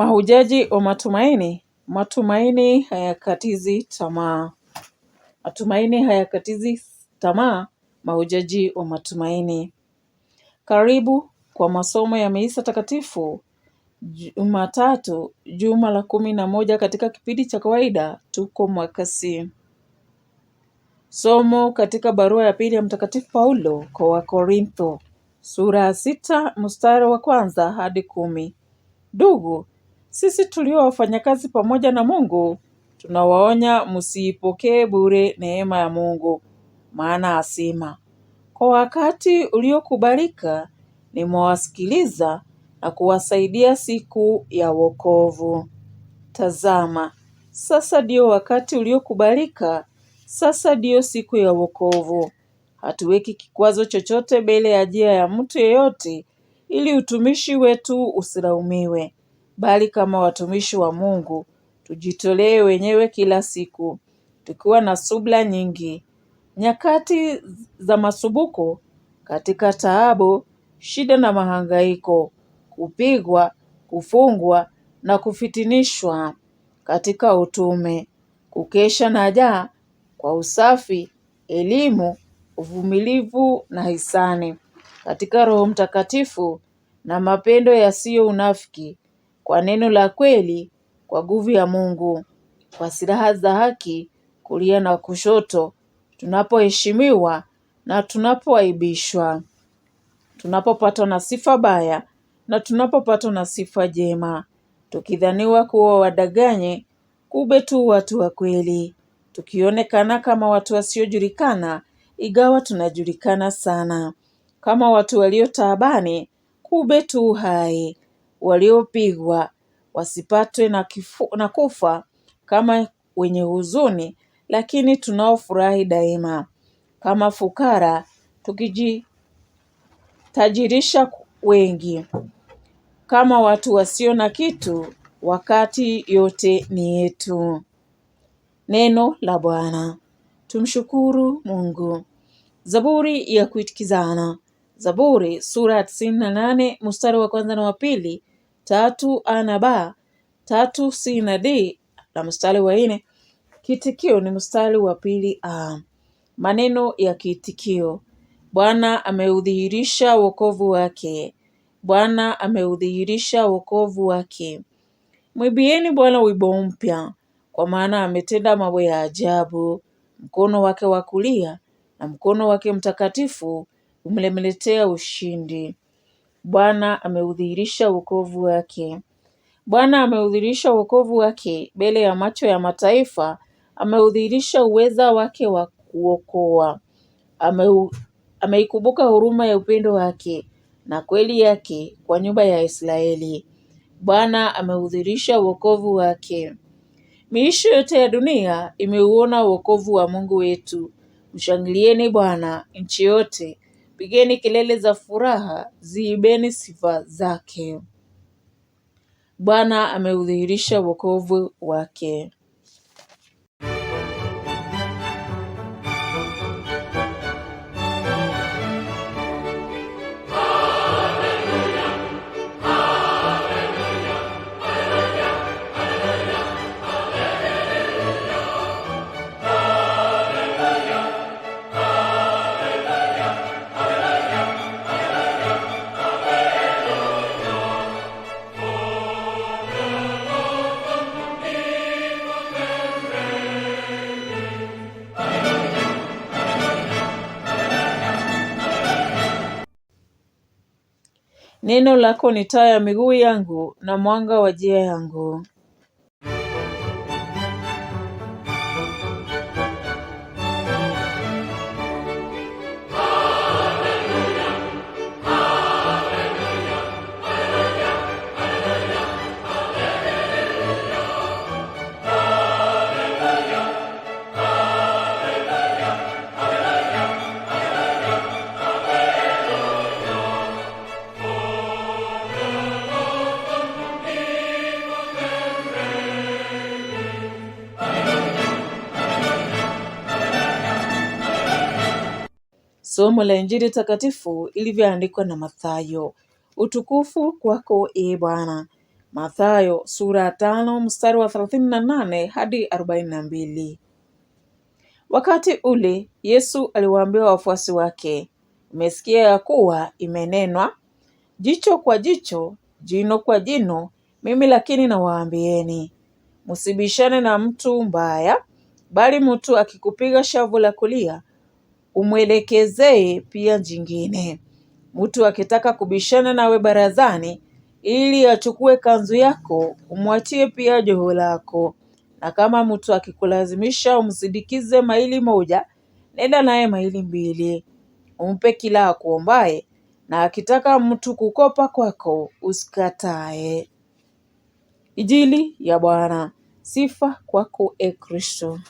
Mahujaji wa matumaini. Matumaini hayakatizi tamaa. Matumaini hayakatizi tamaa. Mahujaji wa matumaini. Karibu kwa masomo ya Misa Takatifu Jumatatu, juma la kumi na moja katika kipindi cha kawaida. Tuko mwaka C. Somo katika barua ya pili ya Mtakatifu Paulo kwa Wakorintho sura ya sita mstari wa kwanza hadi kumi. Ndugu, sisi tulio wafanyakazi pamoja na Mungu tunawaonya msiipokee bure neema ya Mungu, maana asema, kwa wakati uliokubalika nimewasikiliza na kuwasaidia siku ya wokovu. Tazama, sasa ndiyo wakati uliokubalika, sasa ndiyo siku ya wokovu. Hatuweki kikwazo chochote mbele ya njia ya mtu yeyote, ili utumishi wetu usilaumiwe, bali kama watumishi wa Mungu tujitolee wenyewe kila siku tukiwa na subira nyingi. Nyakati za masubuko, katika taabu, shida na mahangaiko, kupigwa, kufungwa na kufitinishwa, katika utume, kukesha na jaa kwa usafi, elimu, uvumilivu na hisani, katika Roho Mtakatifu na mapendo yasiyo unafiki, kwa neno la kweli, kwa nguvu ya Mungu, kwa silaha za haki kulia na kushoto, tunapoheshimiwa na tunapoaibishwa, tunapopatwa na sifa baya na tunapopatwa na sifa jema, tukidhaniwa kuwa wadaganye kumbe tu watu wa kweli, tukionekana kama watu wasiojulikana, igawa tunajulikana sana, kama watu waliotaabani, kumbe tu hai waliopigwa wasipatwe na kufa kama wenye huzuni, lakini tunaofurahi daima kama fukara, tukijitajirisha wengi kama watu wasio na kitu, wakati yote ni yetu. Neno la Bwana. Tumshukuru Mungu. Zaburi ya kuitikizana. Zaburi sura ya tisini na nane mstari wa kwanza na wa pili, tatu a na ba, tatu c na d na mstari wa nne. kitikio ni mstari wa pili a. Maneno ya kitikio Bwana ameudhihirisha wokovu wake. Bwana ameudhihirisha wokovu wake. Mwibieni Bwana wibo mpya, kwa maana ametenda mambo ya ajabu. Mkono wake wa kulia na mkono wake mtakatifu umemletea ushindi. Bwana ameudhihirisha wokovu wake. Bwana ameudhihirisha wokovu wake mbele ya macho ya mataifa, ameudhihirisha uweza wake wa kuokoa. Ame ameikumbuka huruma ya upendo wake na kweli yake kwa nyumba ya Israeli. Bwana ameudhihirisha wokovu wake. Miisho yote ya dunia imeuona wokovu wa Mungu wetu. Mshangilieni Bwana nchi yote, Pigeni kelele za furaha, ziibeni sifa zake. Bwana ameudhihirisha wokovu wake. Neno lako ni taa ya miguu yangu na mwanga wa njia yangu. Somo la Injili takatifu ilivyoandikwa na Mathayo. Utukufu kwako e Bwana. Mathayo sura ya tano mstari wa 38 na nane hadi arobaini na mbili. Wakati ule Yesu aliwaambia wafuasi wake, umesikia ya kuwa imenenwa, jicho kwa jicho, jino kwa jino. Mimi lakini nawaambieni, msibishane na mtu mbaya, bali mtu akikupiga shavu la kulia umwelekezee pia jingine. Mtu akitaka kubishana nawe barazani, ili achukue kanzu yako, umwachie pia joho lako. Na kama mtu akikulazimisha umsindikize maili moja, nenda naye maili mbili, umpe kila akuombaye. Na akitaka mtu kukopa kwako usikatae. ijili ya Bwana. Sifa kwako, e Kristo.